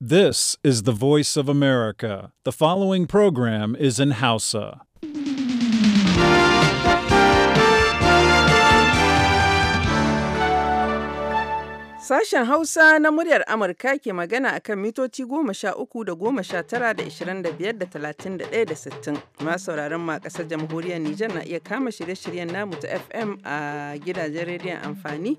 This is the voice of America. The following program is in Hausa. Sashen Hausa na muryar Amurka ke magana a kan mitoci goma sha uku da goma sha tara da ishirin da biyar da talatin da ɗaya da sittin. Ma sauraron ma ƙasar jamhuriyar Nijar na iya kama shirye-shiryen namu ta FM a gidajen rediyon amfani.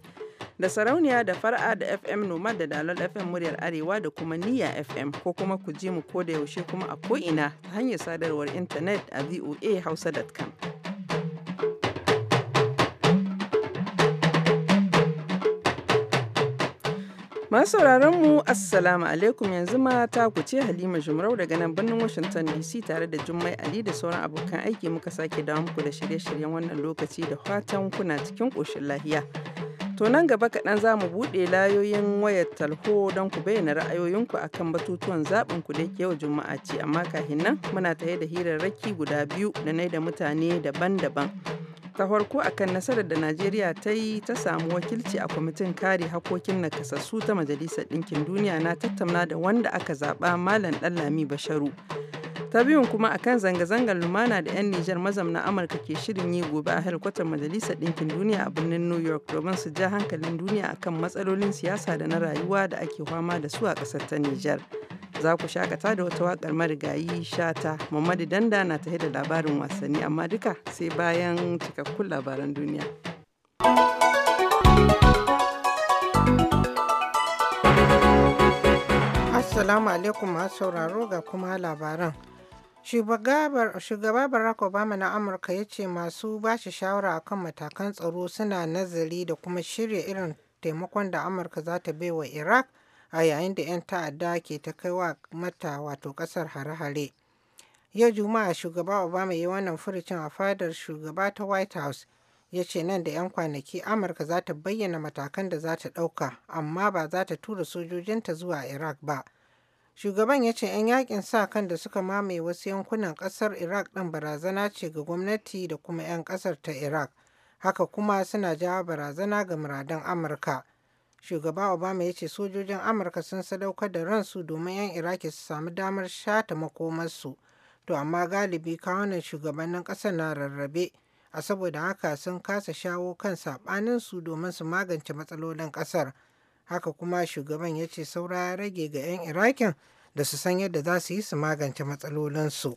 da sarauniya da fara'a da fm nomad da dalal fm muryar arewa da kuma niya fm ko kuma ku je mu ko da yaushe kuma a ko'ina ta hanyar sadarwar intanet a voa hausa.com Masu mu Assalamu alaikum yanzu mata ta ku ce Halima Jumrau daga nan birnin Washington DC tare da Jummai Ali da sauran abokan aiki muka sake dawo muku da shirye-shiryen wannan lokaci da fatan kuna cikin ƙoshin lahiya. To nan gaba kaɗan za mu buɗe layoyin wayar talho don ku bayyana ra'ayoyinku akan batutuwan zaɓin ku da yake yau Juma'a ce amma kafin nan muna tare da hirarraki guda biyu da nai da mutane daban-daban. Ta farko akan nasarar da Najeriya ta yi ta samu wakilci a kwamitin kare hakokin nakasassu ta Majalisar Ɗinkin Duniya na tattauna da wanda aka zaɓa Malam Ɗanlami Basharu. ta biyun kuma akan zanga-zangar lumana da 'yan Nijar mazamna Amurka ke shirin yi gobe a helkwatar Majalisar Ɗinkin Duniya a birnin New York domin su ja hankalin duniya akan matsalolin siyasa da na rayuwa da ake fama da su a ƙasar ta Nijar. Za ku shakata da wata waƙar marigayi shata, Mamadu Danda na tafi da labarin wasanni amma duka sai bayan cikakkun labaran duniya. Assalamu alaikum masu sauraro ga kuma labaran. Shugaba Barack Obama na Amurka ya ce masu ba shi shawara a kan matakan tsaro suna nazari da kuma shirya irin taimakon da Amurka za ta baiwa Iraq a yayin da 'yan ta'adda ke ta kai wa mata wato ƙasar hare-hare. Yau Juma'a shugaba Obama ya yi wannan furucin a fadar shugaba ta White House ya ce nan da 'yan kwanaki Amurka za ta bayyana matakan da za ta ɗauka amma ba za ta tura sojojinta zuwa Iraq ba. Shugaban ya ce 'yan yakin sa kan da suka mamaye wasu yankunan kasar Iraq ɗin barazana ce ga gwamnati da kuma 'yan kasar ta Iraq. Haka kuma suna jawo barazana ga muradan Amurka. Shugaba Obama ya ce sojojin Amurka sun sadaukar da ransu domin 'yan Iraki su samu damar shata makomarsu. To amma galibi kawunan shugabannin ƙasar na rarrabe, a saboda haka sun kasa shawo kan saɓaninsu domin su magance matsalolin ƙasar. haka kuma shugaban ya ce saura rage ga 'yan irakin da su san yadda za su yi su magance matsalolinsu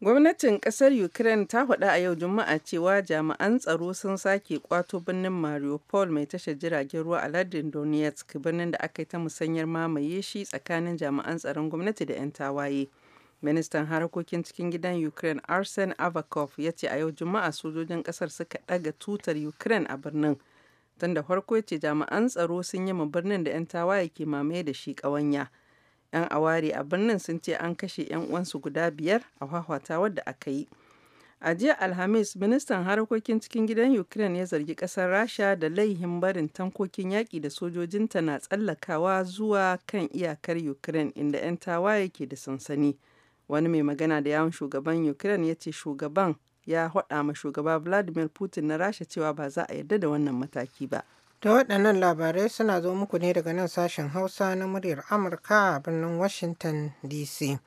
gwamnatin kasar ukraine ta faɗa a yau juma'a cewa jami'an tsaro sun sake kwato birnin mariupol mai tashar jiragen ruwa a lardin donetsk birnin da aka yi ta musanyar mamaye shi tsakanin jami'an tsaron gwamnati da 'yan tawaye ministan harkokin cikin gidan ukraine arsen avakov ya ce a yau juma'a sojojin kasar suka ɗaga tutar ukraine a birnin tun da farko ce jami'an tsaro sun yi ma birnin da 'yan tawaye ke mamaye da shi ƙawanya. 'Yan aware a birnin sun ce an kashe 'yan uwansu guda biyar a hwahwata wadda aka yi. A jiya Alhamis, ministan harkokin cikin gidan Ukraine ya zargi kasar Rasha da laihin barin tankokin yaƙi da sojojinta na tsallakawa zuwa kan iyakar Ukraine inda 'yan tawaye ke da sansani. Wani mai magana da yawon shugaban Ukraine ya ce shugaban ya haɗa ma shugaba Vladimir Putin na Rasha cewa ba za a yarda da wannan mataki ba. Da waɗannan labarai suna zo muku ne daga nan sashen Hausa na muryar Amurka a birnin Washington DC.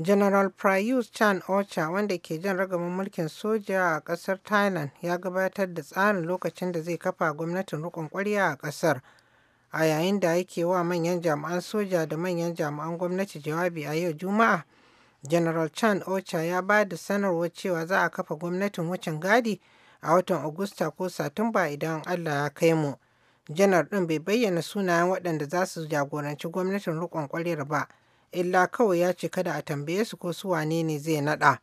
General Prayut Chan Ocha wanda ke jan ragamin mulkin soja a ƙasar Thailand ya gabatar da tsarin lokacin da zai kafa gwamnatin riƙon ƙwarya a ƙasar. A yayin da yake wa manyan jami'an soja da manyan jami'an gwamnati jawabi a yau Juma'a, General Chan Ocha ya ba da sanarwar cewa za a kafa gwamnatin wucin gadi a watan Agusta ko Satumba idan Allah ya kai mu. Janar ɗin bai bayyana sunayen waɗanda za su jagoranci gwamnatin riƙon ƙwarar ba, illa kawai ya ce kada a tambaye su ko su wane ne zai naɗa.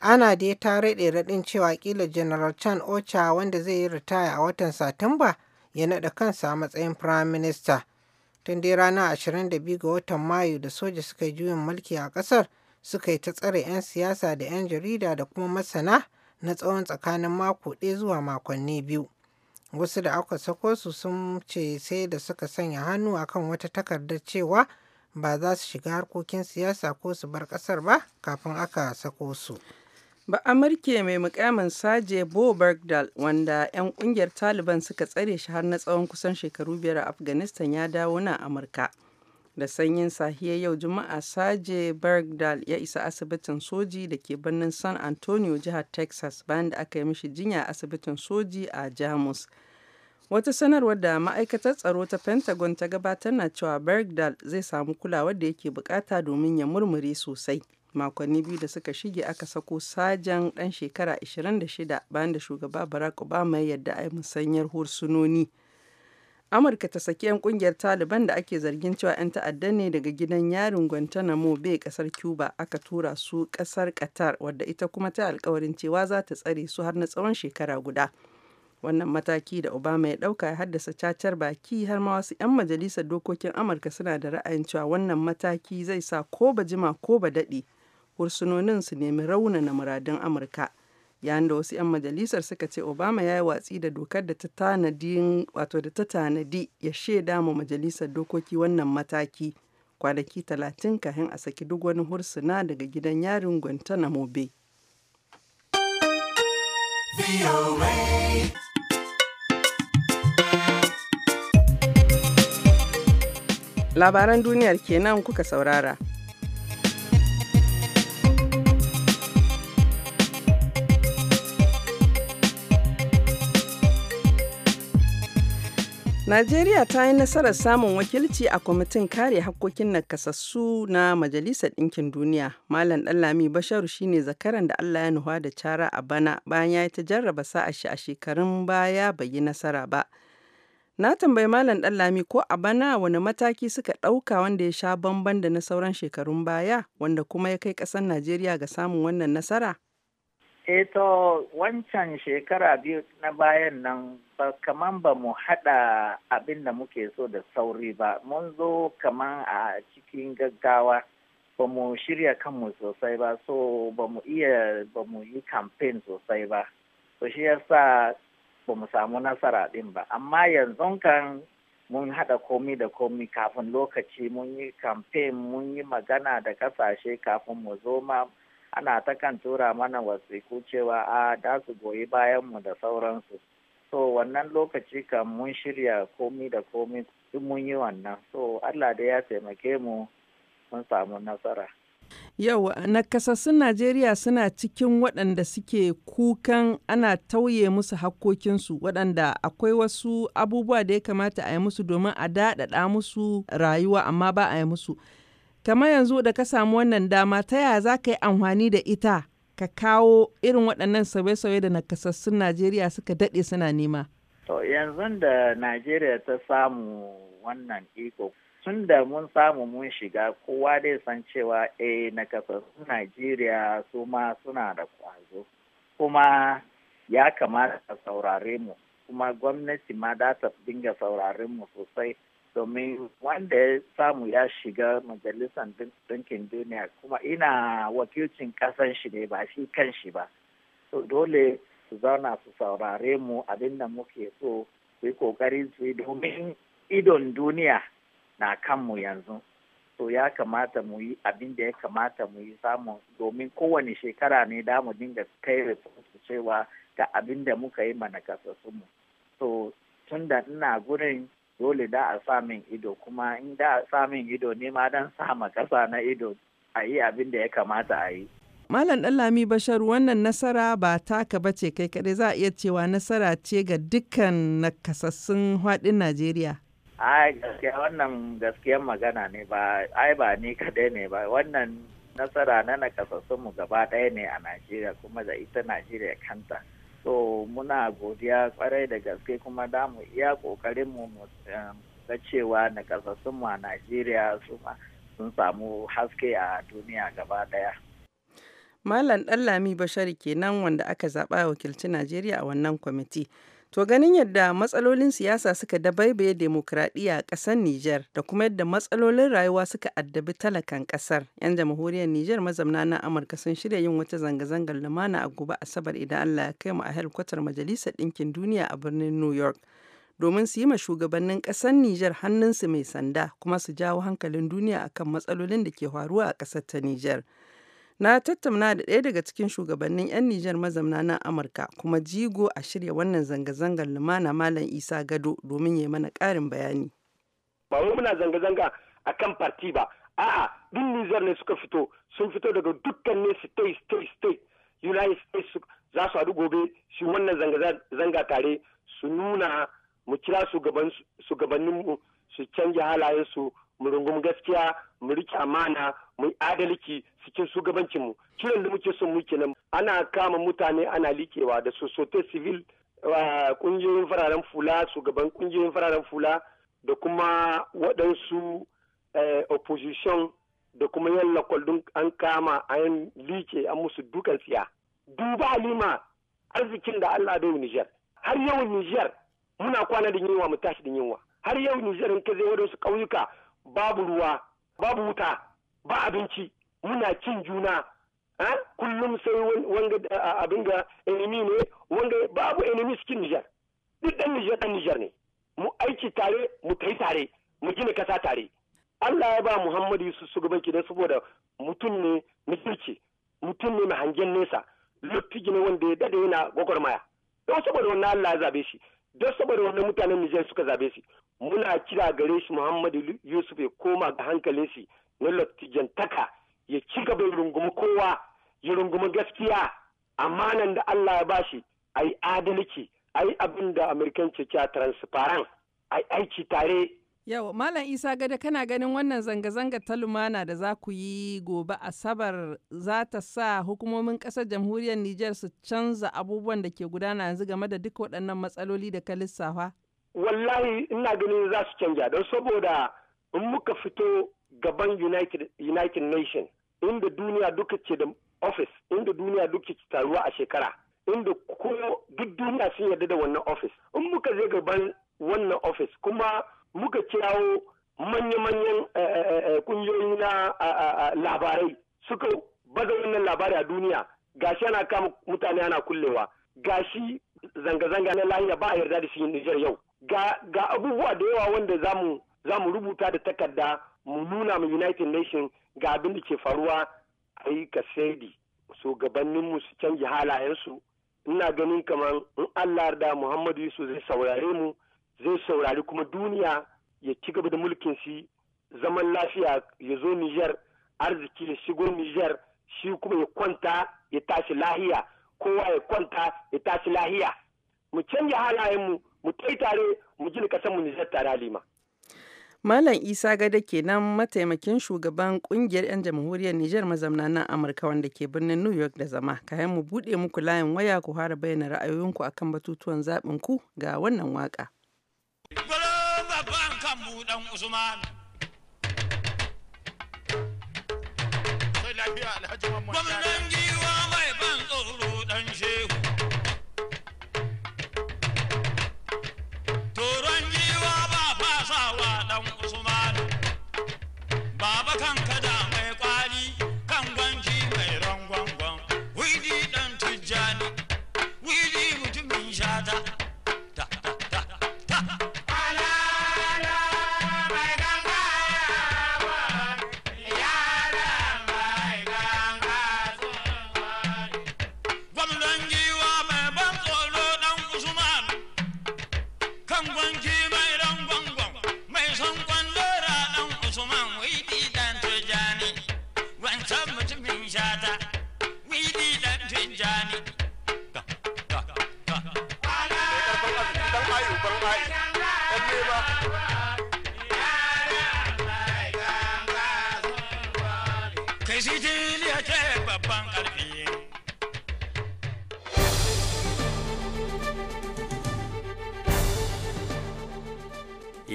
Ana da ta raɗe raɗin cewa ƙila General Chan Ocha wanda zai yi ritaya a watan Satumba ya naɗa kansa a matsayin Firaminista. Minister. Tun dai ranar 22 ga watan Mayu da soja suka yi juyin mulki a ƙasar, suka yi ta tsare 'yan siyasa da 'yan jarida da kuma masana na tsawon tsakanin mako ɗaya zuwa makonni biyu. Wasu da aka sako su sun ce sai da suka sanya hannu akan wata takardar cewa ba za su shiga harkokin siyasa ko su bar ƙasar ba kafin aka sako su. Ba Amurke mai mukamin Saje Bo bergdal wanda 'yan kungiyar Taliban suka tsare shi har na tsawon kusan shekaru biyar a Afghanistan ya dawo na Amurka. da sanyin sahiyar yau juma'a saje bergdal ya isa asibitin soji da ke birnin san antonio jihar texas bayan da aka yi mishi jinya asibitin soji a jamus wata sanarwar da ma'aikatar tsaro ta pentagon ta gabatar na cewa bergdal zai samu kulawar da yake bukata domin ya murmure sosai makonni biyu da suka shige aka sako sajan dan shekara 26 bayan da shugaba barack obama ya yarda a musanyar hursunoni Amurka ta saki 'yan kungiyar Taliban da ake zargin cewa 'yan ta'adda ne daga gidan yarin Guantanamo Bay kasar Cuba aka tura su kasar Qatar wadda ita kuma ta alkawarin cewa za ta tsare su har na tsawon shekara guda. Wannan mataki da Obama ya dauka ya haddasa cacar baki har ma wasu 'yan majalisar dokokin Amurka suna da ra'ayin cewa wannan mataki zai sa ko ba jima ko ba daɗe hursunonin su nemi raunana muradun Amurka. yayin da wasu 'yan majalisar suka ce obama ya yi watsi da dokar da ta tanadi ya shaida ma majalisar dokoki wannan mataki kwanaki talatin kafin a saki duk wani hursuna daga gidan yarin guantanamo mobe labaran duniyar kenan kuka saurara Najeriya ta yi nasarar samun wakilci a kwamitin kare hakkokin nakasassu na Majalisar Ɗinkin Duniya. Malam Ɗanlami Basharu shine zakaran da Allah ya nuha da cara a bana bayan ya yi ta jarraba sa'a shi a shekarun baya bai yi nasara ba. Na tambayi Malam Ɗanlami ko a bana wani mataki suka ɗauka wanda ya sha bamban da na sauran shekarun baya wanda kuma ya kai ƙasar Najeriya ga samun wannan nasara? Eto eh wancan shekara biyu na bayan nan ba kaman ba mu haɗa abin da muke so da sauri ba mun zo kaman a cikin gaggawa ba mu shirya kanmu sosai ba so ba mu iya ba mu yi campaign sosai ba so shi yasa ba mu samu nasara ɗin ba amma yanzu kan mun haɗa komi da komi kafin lokaci mun yi campaign mun yi magana da kasashe kafin mu zo ma ana ta kan tura mana wasiku cewa a da su goyi bayanmu da sauransu so wannan lokaci kam mun shirya komi da komi duk mun yi wannan so allah da ya taimake mu mun samu nasara yau nakasassun najeriya suna cikin waɗanda suke kukan ana tauye musu hakkokinsu waɗanda akwai wasu abubuwa da ya kamata a yi musu domin a daɗaɗa musu rayuwa amma ba a yi musu kamar yanzu da ka samu wannan dama ta yaya za ka yi amfani da ita ka kawo irin waɗannan sauye-sauye da nakasassun Najeriya suka daɗe suna nema? To yanzu da Najeriya ta samu wannan iko tun da mun samu mun shiga kowa dai san cewa eh nakasassun Najeriya su ma suna da ƙwazo kuma ya kamata a saurare mu kuma gwamnati ma za ta dinga sauraren mu sosai domin wanda ya samu ya shiga majalisar ɗinkin duniya kuma ina wakilcin kasan shi ne ba shi kan shi ba to dole su zauna su saurare mu abin da muke so su yi suyi su yi domin idon duniya na kanmu yanzu so ya kamata mu yi abin da ya kamata mu yi samun domin kowane shekara ne damu mu dinga kai su cewa ga abin da muka yi mana mu to tun da ina gurin dole da a sa min ido kuma in da a sa min ido ne ma dan sa ma kasa na ido a yi abin da ya kamata a yi. Malam Ɗanlami Bashar wannan nasara ba taka ba ce kai kaɗai za a iya cewa nasara ce ga dukkan nakasassun haɗin Najeriya. Ai gaskiya wannan gaskiyar magana ne ba ai ba ni kaɗai ne ba wannan nasara na nakasassun mu gaba ɗaya ne a Najeriya kuma da ita Najeriya kanta. so muna godiya kwarai da gaske kuma da mu iya kokarin mu um, ga cewa na mu a najeriya sun samu haske a duniya gaba daya malam ɗanlami bashari kenan wanda aka zaɓa wakilci najeriya a wannan kwamiti To ganin yadda matsalolin siyasa suka dabaibaye demokradiyya a ƙasar Nijar da kuma yadda matsalolin rayuwa suka addabi talakan ƙasar, 'yan jamhuriyar Nijar mazamna na Amurka sun shirya yin wata zanga-zangar lumana a gobe Asabar idan Allah ya kai mu a helkwatar Majalisar Ɗinkin Duniya a birnin New York. Domin su yi ma shugabannin ƙasar Nijar hannunsu mai sanda kuma su jawo hankalin duniya akan matsalolin da ke faruwa a ƙasar ta Nijar. Na tattauna da ɗaya daga cikin shugabannin 'yan Nijar mazamna na Amurka kuma jigo a shirya wannan zanga-zangar lumana Malam Isa Gado domin ya yi mana ƙarin bayani. Ba wai muna zanga-zanga a kan parti ba, a'a duk Nijar ne suka fito, sun fito daga dukkan ne state state state United States za su haɗu gobe shi wannan zanga-zanga tare su nuna mu kira shugabanninmu su canja halayensu mu rungum gaskiya mu rike amana mu adalci cikin shugabancinmu kiran da muke son mu nan ana kama mutane ana likewa da sosote civil kungiyoyin fararen fula shugaban kungiyoyin fararen fula da kuma waɗansu eh, opposition da kuma yan lakwaldun an kama an like an musu dukan siya duba alima arzikin da allah bai nijar har yau nijar muna kwana da wa mu tashi da wa. har yau nijar in ka zai waɗansu ƙauyuka babu ruwa babu wuta ba abinci muna cin juna kullum sai wanga abin da enemy ne wanga babu enemy cikin Nijar duk dan Nijar dan Nijar ne mu aiki tare mu kai tare mu gina kasa tare Allah ya ba Muhammadu Yusuf shugabanci don saboda mutum ne mutunci mutum ne mai hangen nesa lokaci ne wanda ya dade yana gwagwarmaya don saboda wannan Allah ya zabe shi don saboda wannan mutanen Nijar suka zabe shi muna kira gare shi Muhammadu Yusuf ya koma ga hankalin shi na lattijantaka ya ci gaba rungumi kowa ya rungumi gaskiya amanan da Allah ya bashi a yi adalci a abin da ce cewa transparent a aiki tare Yau, Malam Isa Gada kana ganin wannan zanga-zanga ta lumana da za ku yi gobe Asabar za ta sa hukumomin ƙasar jamhuriyar niger su canza abubuwan da ke gudana yanzu game da duk waɗannan matsaloli da ka lissafa? Wallahi ina ganin za su canja don saboda in muka fito gaban United, United Nation inda duniya duka ce da office inda duniya duka ke taruwa a shekara inda ko duk duniya sun yarda da wannan office in muka je gaban wannan office kuma muka kirawo manya-manyan eh, eh, eh, kungiyoyi na labarai suka baza wannan labari a duniya gashi ana kama mutane ana kullewa gashi zanga-zanga na lahiya ba a yarda da shi Nijar yau ga abubuwa da yawa wanda zamu za mu rubuta da takarda mu nuna mu united nation ga abin da ke faruwa a yi kasedi so gabaninmu su canji halayensu ina ganin kamar in allah da muhammadu yusuf zai saurare mu zai saurari kuma duniya ya ci gaba da mulkin shi zaman lafiya ya zo nijar arziki ya shigo nijar shi kuma ya kwanta ya tashi lahiya kowa ya kwanta ya tashi lahiya mu canja halayenmu mu kai tare mu gina kasar mu Niger tare halima Malam Isa Gada kenan mataimakin shugaban kungiyar 'yan jamhuriyar Nijar mazamna nan Amurka wanda ke birnin New York da zama. Kayan mu buɗe muku layin waya ku fara bayyana ra'ayoyinku akan batutuwan zaɓin ku ga wannan waka. Gwamnati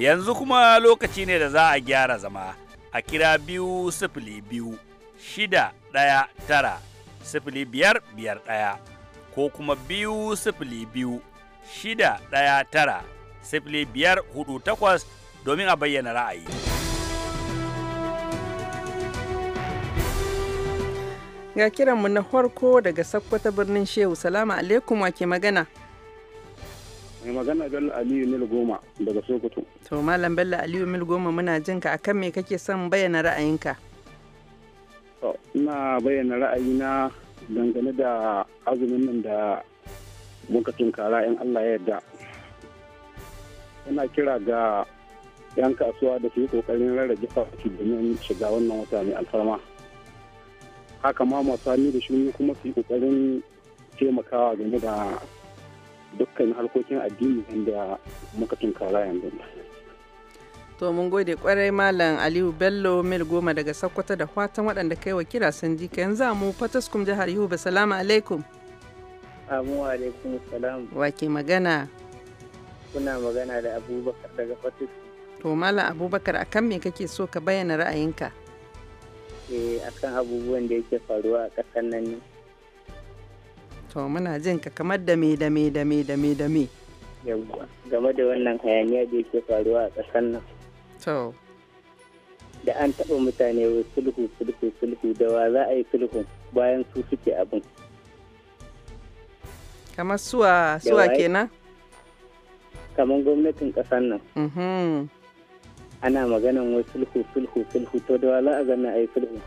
yanzu kuma lokaci ne da za a gyara zama a kira biyu sifili biyu shida ɗaya tara sifili biyar biyar ɗaya ko kuma biyu sifili biyu shida ɗaya tara sifili biyar hudu takwas domin a bayyana ra'ayi. Ga kiranmu na farko daga Sakkwata birnin Shehu, salamu alaikum wa ke magana. mai magana bello aliyu mil goma daga sokoto to malam bello aliyu mil goma muna jin ka akan me kake son bayyana ra'ayinka ina bayyana ra'ayina dangane da azumin nan da muka tunkara in allah ya yarda ina kira ga 'yan kasuwa da su yi kokarin rarrage farashi domin shiga wannan wata mai alfarma haka ma masu hannu da shi kuma su yi kokarin taimakawa game da dukkan harkokin addini inda muka tunkara yanzu to mun gode kwarai malam aliyu bello mil goma daga Sokoto da fatan waɗanda kai wa kira sun ji ka yanzu mu fataskum jihar yobe salamu alaikum amu alaikum salam Wa ke magana kuna magana da abubakar daga fataskum to malam abubakar akan me kake so ka bayyana ra'ayinka eh akan abubuwan da yake faruwa a ƙasar nan ne To muna jin ka kamar da me da me da me da me da me. Yawwa game da wannan hayaniya da yake faruwa a ƙasar nan. To. Da an taɓa mutane wai sulhu sulhu sulhu da wa za a yi sulhu bayan su suke abin. Kamar suwa suwa kenan? Kamar gwamnatin ƙasar nan. Mm-hmm. Ana maganan wai sulhu sulhu sulhu to da wa za a gana a yi sulhu.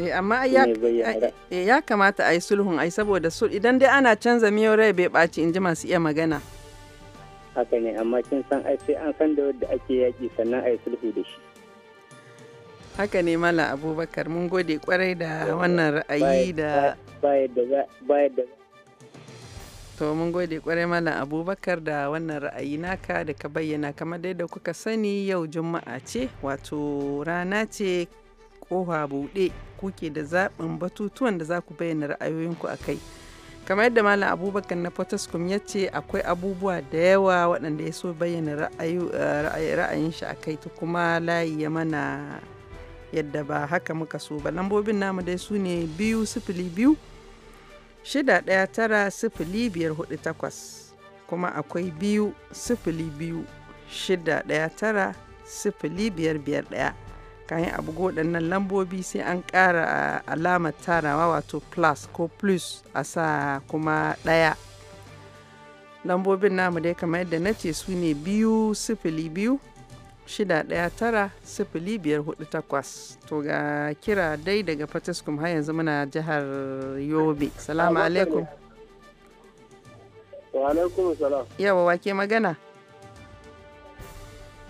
Eh, amma eh, ya kamata a yi sulhun ai saboda su idan dai ana canza miyo rai bai ɓaci in ji masu iya magana. Haka ne amma kin san ai sai an san da wadda ake yaƙi sannan a yi sulhu da shi. Haka ne Mala Abubakar mun gode kwarai da wannan ra'ayi da. da To mun gode kwarai mala Abubakar da wannan ra'ayi naka da ka bayyana kamar dai da kuka sani yau Juma'a ce wato rana ce kofa buɗe kuke da zaɓin batutuwan da za ku bayyana ra'ayoyinku a kai. Kamar yadda Malam Abubakar na Potoscom ya ce akwai abubuwa da yawa waɗanda ya so bayyana eh, ra'ayin shi a kai ta kuma layi ya mana yadda ba haka muka so ba. Lambobin namu dai su ne biyu sifili biyu shida ɗaya tara sifili biyar hudu takwas kuma akwai biyu sifili biyu shida ɗaya tara sifili biyar biyar ɗaya kayan abu waɗannan lambobi sai an ƙara alamar tarawa wato plus ko plus a sa kuma ɗaya lambobin namu dai kamar yadda na ce su ne biyu sifili biyu shida ɗaya tara sifili biyar hudu takwas to ga kira dai daga fataskum har yanzu muna jihar yobe salamu alaikum wa alaikum salam yawa wake magana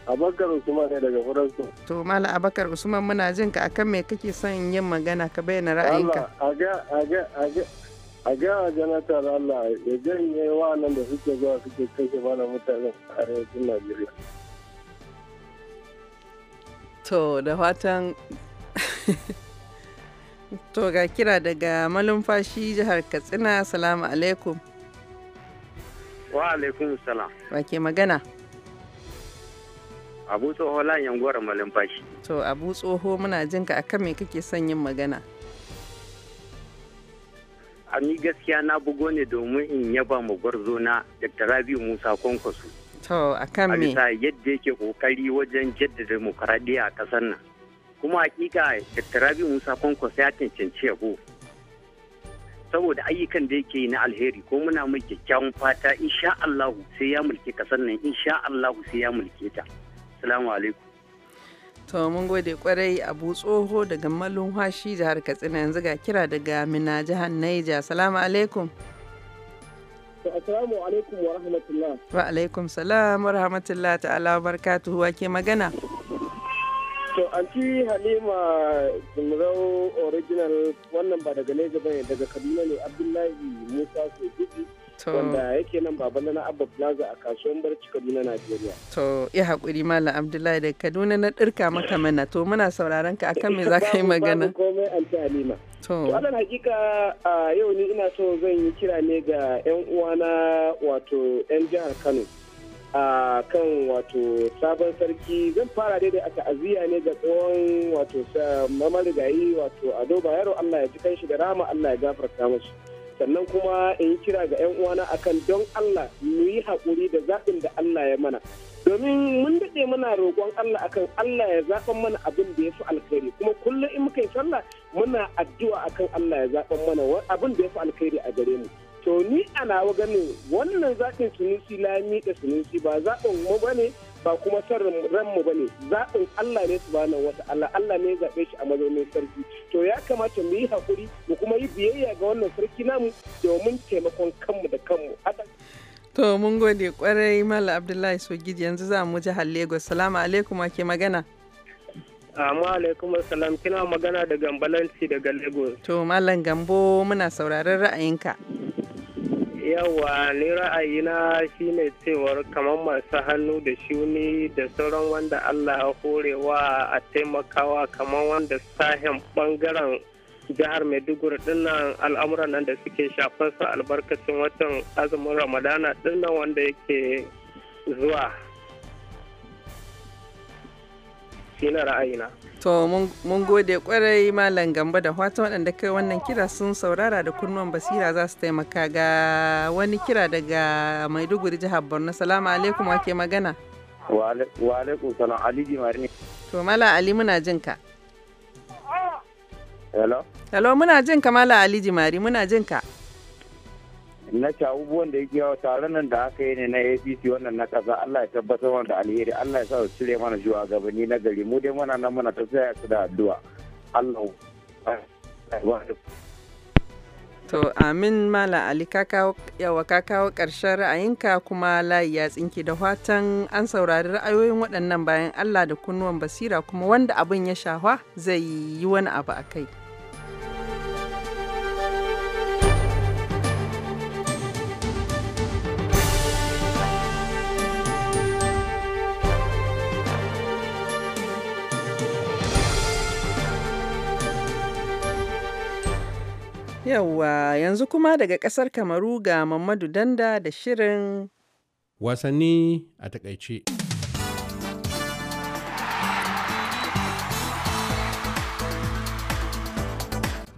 Abakar Usman ne daga Faransa. To Mala Abakar Usman muna jin ka akan me kake son yin magana ka bayyana ra'ayinka. A ga a ga a ga a ga Allah ya janye nan da suke zuwa suke kashe mana mutanen arewacin Najeriya. To da fatan To ga kira daga malumfashi jihar Katsina, salamu alaikum. Wa alaikum salam. Wa ke magana? abu tsoho layin gora malumfashi to abu tsoho muna jin ka akan me kake son yin magana a ni gaskiya na bugo ne domin in yaba ma gwarzo na dr Rabi musa kwankwaso to kan me a yadda yake kokari wajen jaddada demokaradiyya a kasar nan kuma hakika dr Rabi musa kwankwaso ya cancanci yabo saboda ayyukan da yake yi na alheri ko muna mai kyakkyawan fata insha Allahu sai ya mulke kasar nan insha Allahu sai ya mulke ta Assalamu alaikum. To mun gode kwarai Abu Tsoho daga da jihar Katsina yanzu ga kira daga Mina jihar Naija. Assalamu alaikum. Assalamu alaikum wa rahmatullah. Wa alaikum salam wa rahmatullah ta'ala wa barakatuhu wa ke magana. To anti Halima Jumrau original wannan ba daga Naija bane daga Kaduna ne Abdullahi Musa Sojoji. wanda yake nan baban na abba plaza a kasuwan barci kaduna najeriya to ya haƙuri malam abdullahi da kaduna na ɗirka maka mana to muna sauraron ka akan me za ka yi magana to alal hakika a yau ni ina so zan yi kira ne ga yan uwana wato yan jihar kano a kan wato sabon sarki zan fara dai da aka aziya ne ga tsohon wato mamarigayi wato ado bayaro allah ya ji shi da rama allah ya gafarta masu sannan kuma in kira ga 'yan uwana akan don Allah mu yi haƙuri da zaɓin da Allah ya mana domin mun daɗe muna roƙon Allah akan Allah ya zaɓan mana abin da ya fi alkhairi kuma kullum in muka yi sallah muna addu'a akan Allah ya zaɓan mana abin da ya fi alkhairi a gare mu to ni ana wa ganin wannan zaɓin sunusi ya miƙa sunusi ba zaɓin mu ba ne ba kuma son ranmu ba ne zaɓin Allah ne su bana wata Allah Allah ne zaɓe shi a mazaunin sarki to ya kamata mu yi haƙuri mu kuma yi biyayya ga wannan sarki namu domin taimakon kanmu da kanmu to mun gode kwarai mala abdullahi sogid yanzu za mu jihar lagos salamu alaikum ake magana Amu alaikum salam kina magana da gambalanci daga lagos to malam gambo muna sauraron ra'ayinka yawa ni ra'ayina shine cewar kamar masu hannu da shuni da sauran wanda allah ya horewa a taimakawa kamar wanda sahen bangaren jihar maiduguri dinnan al'amuran nan da suke su albarkacin watan azumin ramadana dinnan wanda yake zuwa na ra'ayina to mun gode kwarai malam gamba da fatan waɗanda kai wannan kira sun saurara da kunnuwan basira za su taimaka ga wani kira daga maiduguri jihar borno salamu alaikum wake magana wa alaikum salam aliji Marini. ne to mala ali muna jin ka hello hello muna jin ka mala Aliji Mari muna jin ka na ci abubuwan da yake yawa tare nan da aka yi ne na apc wannan na kasa allah ya tabbatar da alheri allah ya sa su cire mana zuwa gabani na gari mu dai muna nan muna tafiya su da addu'a allah to amin mala ali yawa ka kawo karshen ra'ayinka kuma layi ya tsinke da fatan an saurari ra'ayoyin waɗannan bayan allah da kunnuwan basira kuma wanda abin ya shafa zai yi wani abu a kai Yawwa yanzu kuma daga ƙasar Kamaru ga Mamadu Danda da shirin wasanni a takaice.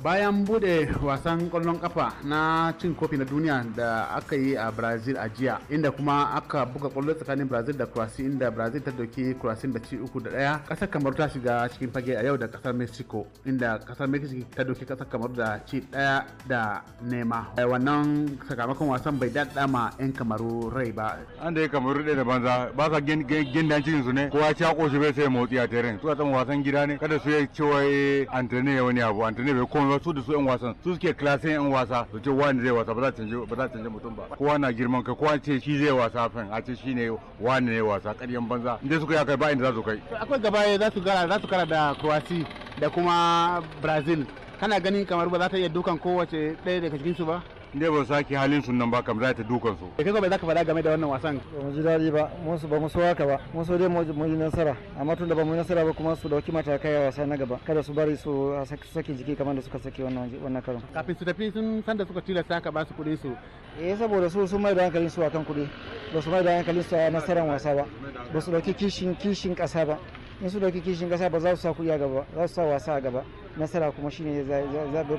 bayan bude wasan kwallon kafa na cin kofi na duniya da aka yi a brazil a jiya inda kuma aka buga kwallo tsakanin brazil da croatia inda brazil ta doki croatia da ci uku da daya kasar kamaru ta shiga cikin fage a yau da kasar mexico inda kasar mexico ta doki kasar kamaru da ci daya da nema eh, wannan sakamakon wasan bai dada ma yan kamaru rai ba an da ya kamaru ɗaya da banza ba sa gindan cikin su ne kowa ya koshi bai sai motsi a terin su a wasan gida ne kada su ya cewa eh, antene wani abu antene bai komai ba su da su yan wasan su suke klasin yan wasa su ce wani zai wasa ba za canje ba za canje mutum ba kowa na girman kai kowa ce shi zai wasa fan a ce shine wani ne wasa ƙaryan banza inda suka yi kai ba inda za su kai akwai gaba za su gara za su kara da kwasi da kuma Brazil kana ganin kamar ba za ta iya dukan kowace ɗaya daga cikin su ba inda ba sake halin sun nan ba kam za ta dukan su kai bai zaka faɗa game da wannan wasan ba mu ji daɗi ba musu ba mu haka ba mu so dai mu yi nasara amma tun da ba mu yi nasara ba kuma su dauki matakai a wasa na gaba kada su bari su saki jiki kamar da suka saki wannan wannan karon kafin su tafi sun san da suka tilasta ka ba su kuɗin su eh saboda su sun mai da hankalin su akan kuɗi ba su mai da hankalin su a nasaran wasa ba ba su dauki kishin kishin ƙasa ba in su dauki kishin kasa ba za su sa kuya gaba za su sa wasa gaba nasara kuma shine za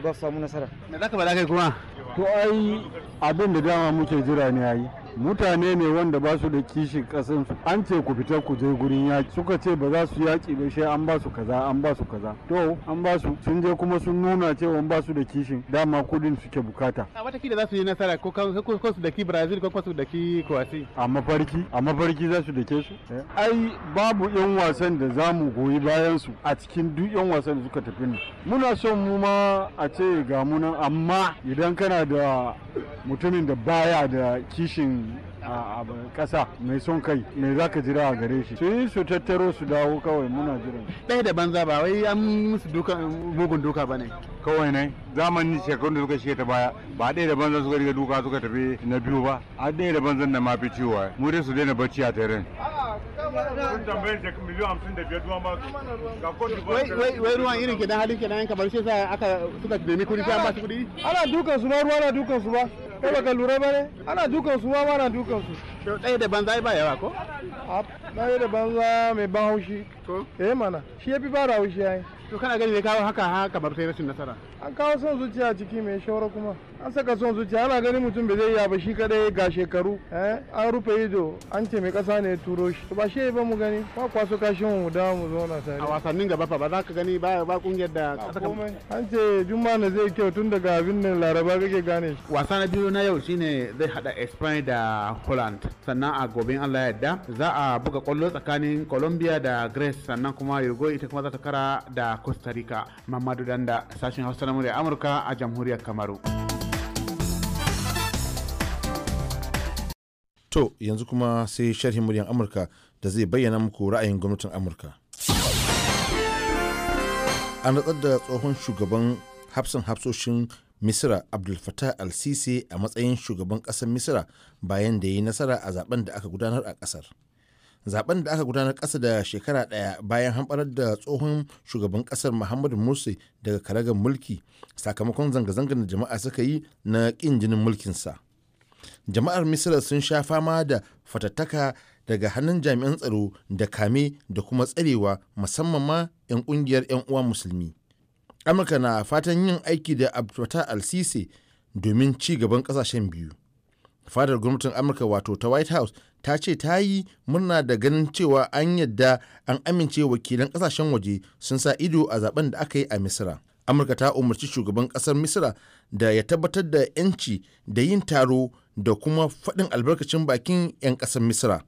za su samu nasara me zaka faɗa kai kuma to ai abin da dama muke jira ne yayi mutane ne wanda ba su da kishin su. an ce ku fita ku je gurin yaki suka ce ba za su yaki ba sai an ba su kaza an ba su kaza to an ba su sun je kuma sun nuna cewa ba su da kishin dama kudin suke bukata a wata kida za su yi nasara ko ko su daki brazil ko su daki kwasi a mafarki a mafarki za su dake su ai babu yan wasan da za mu goyi bayan su a cikin duk yan wasan da suka tafi ne muna son mu ma a ce ga mun amma idan kana da mutumin da baya da kishin a ƙasa mai son kai me za ka jira a gare shi Suyi su tattaro su dawo kawai muna jira. ɗaya da banza ba wai an musu mugun duka ba ne kawai ne zamanin shekarun da suka shiga ta baya ba ɗaya da banzan suka riga duka suka tafi na biyu ba a ɗaya da banzan na mafi ciwo mu dai su daina bacci a tare an ba su ana dukan ba ruwa na dukan ba kai baka lura ba ne ana dukan su ba ma na dukan su ɗaya da banza ba yawa ko ɗaya da banza mai ban haushi eh mana shi ya fi ba da haushi to kana gani ne kawo haka ha kamar sai rashin nasara an kawo son zuciya ciki mai shawara kuma an saka son zuciya ana ganin mutum bai zai yi ba shi kadai ga shekaru eh an rufe ido an ce mai kasa ne turo shi to ba shi ba mu gani ba kwaso kashin mu da mu zauna tare a wasannin gaba fa ba za ka gani ba ba kungiyar da an ce juma'a na zai kyau tun daga abin nan laraba kake gane shi wasa na biyu na yau shine zai hada Spain da Holland sannan a gobin Allah yarda za a buga kwallo tsakanin Colombia da Greece sannan kuma Uruguay ita kuma za ta kara da costa rica mamadu danda sashen hausa na murya amurka a jamhuriyar kamaru to yanzu kuma sai sharhin muryar amurka da zai bayyana muku ra'ayin gwamnatin amurka an ratsar da tsohon shugaban hafsan hafsoshin misira abdul fatah al-sisi a matsayin shugaban ƙasar misira bayan da ya yi nasara a zaben da aka gudanar a ƙasar zaben da aka gudanar ƙasa da shekara ɗaya bayan hamɓarar da tsohon shugaban ƙasar muhammadu musa daga karagar mulki sakamakon zanga-zangar da jama'a suka yi na ƙin jinin mulkinsa jama'ar misira sun sha fama da fatattaka daga hannun jami'an tsaro da kame da kuma tsarewa musamman ma 'yan ƙungiyar 'yan uwa musulmi amurka na fatan yin aiki da abdulfata al-sisi domin ci gaban ƙasashen biyu fadar gwamnatin amurka wato ta white house ta ce ta yi murna da ganin cewa an yadda an amince wakilan kasashen waje sun sa ido a zaben da aka yi a misira amurka ta umarci shugaban kasar misira da ya tabbatar da 'yanci da yin taro da kuma faɗin albarkacin bakin 'yan ƙasar misira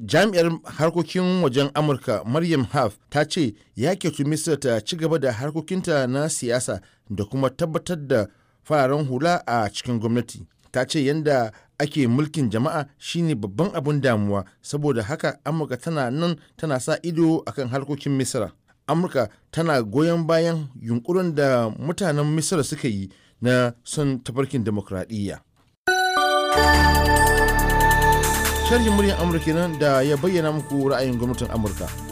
jami'ar harkokin wajen amurka maryam haf ta ce ya ketu misira ta ci gaba da harkokinta na siyasa da kuma tabbatar da fararen hula a cikin gwamnati ta ce yadda ake mulkin jama'a shine babban abun damuwa saboda haka amurka tana nan tana sa ido akan harkokin misira amurka tana goyon bayan yunkurin da mutanen misira suka yi na son tafarkin demokradiyya sharhin muryar amurka nan da ya bayyana muku ra'ayin gwamnatin amurka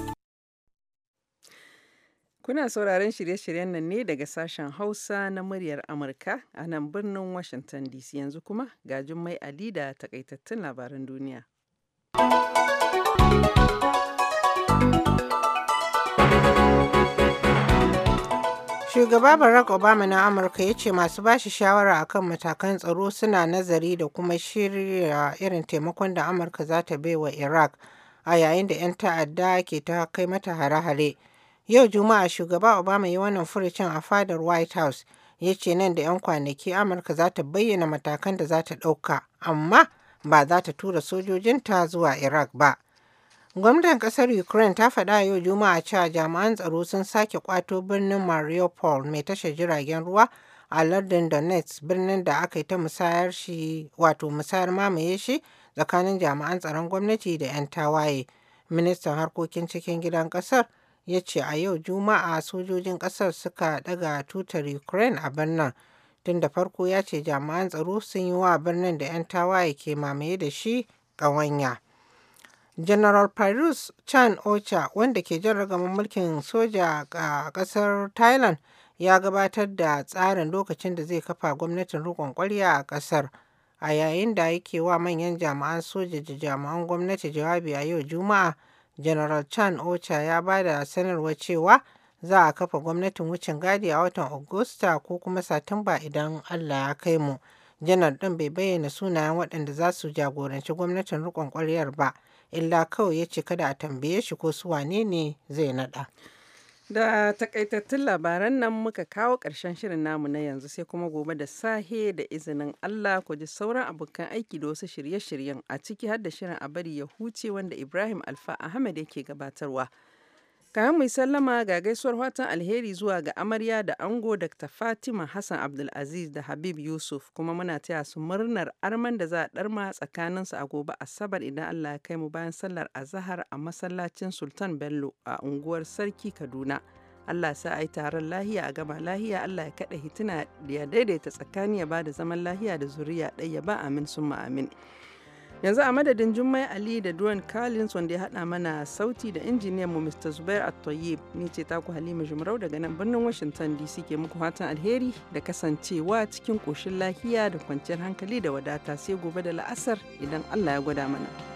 Kuna sauraron shirye-shiryen nan ne daga sashen Hausa na muryar Amurka a nan birnin Washington DC yanzu kuma ga Jummai Ali da takaitattun labaran duniya. Shugaba Barack Obama na Amurka ya ce masu bashi shawara akan matakan tsaro suna nazari da kuma shirya irin taimakon da Amurka za ta baiwa Iraq a yayin da 'yan ta'adda ke ta kai mata hare-hare. Yau Juma'a Shugaba Obama yi wannan furucin a fadar White House ya ce nan da 'yan kwanaki Amurka za ta bayyana matakan da za ta ɗauka amma ba za ta tura sojojinta zuwa Iraq ba. Gwamnatin ƙasar Ukraine ta faɗa yau Juma'a cewa jami'an tsaro sun sake kwato birnin Mariupol mai tashar jiragen ruwa a lardin Donetsk birnin da aka yi ta musayar shi wato musayar mamaye shi tsakanin jami'an tsaron gwamnati da 'yan tawaye. Ministan harkokin cikin gidan ƙasar ya ce a yau Juma'a sojojin ƙasar suka daga tutar Ukraine a birnin tun da farko ya ce jami'an tsaro sun yi wa birnin da 'yan tawaye ke mamaye da shi ƙawanya. General paris Chan Ocha wanda ke jan ragaman mulkin soja a ƙasar Thailand ya gabatar da tsarin lokacin da zai kafa gwamnatin riƙon ƙwarya a ƙasar a yayin da yake wa manyan jami'an soja da jami'an gwamnati jawabi a yau Juma'a General Chan Ocha ya ba da sanarwar cewa za a kafa gwamnatin wucin gadi a watan Agusta ko kuma Satumba idan Allah ya kai mu. Janar ɗin bai bayyana sunayen waɗanda za su jagoranci gwamnatin riƙon ƙwaryar ba, illa kawai ya ce kada a tambaye shi ko su wane ne zai naɗa. Da takaitattun labaran nan muka kawo ƙarshen shirin namu na yanzu sai kuma gobe da sahe da izinin Allah ku ji sauran abokan aiki da wasu shirye-shiryen a ciki har da shirin a bari ya huce wanda Ibrahim Alfa Ahmed yake gabatarwa. Kayan mai sallama ga gaisuwar watan alheri zuwa ga amarya da ango Dr. Fatima Hassan Abdulaziz da Habib Yusuf kuma muna taya su murnar arman da za a ɗarma tsakaninsu a gobe Asabar idan Allah ya kai mu bayan sallar azahar a masallacin Sultan Bello a unguwar Sarki Kaduna. Allah sa a yi taron lahiya a gama lahiya Allah ya kaɗa hituna ya daidaita tsakani ya ba da zaman lahiya da zuriya ɗaya ba amin summa amin. yanzu a madadin jummai ali da duran collins wanda ya hada mana sauti da injiniyan mu mr zubair atoyib ni ce taku halima jumrau daga nan birnin washington dc ke muku fatan alheri da kasancewa cikin koshin lafiya da kwanciyar hankali da wadata sai gobe da la'asar idan allah ya gwada mana.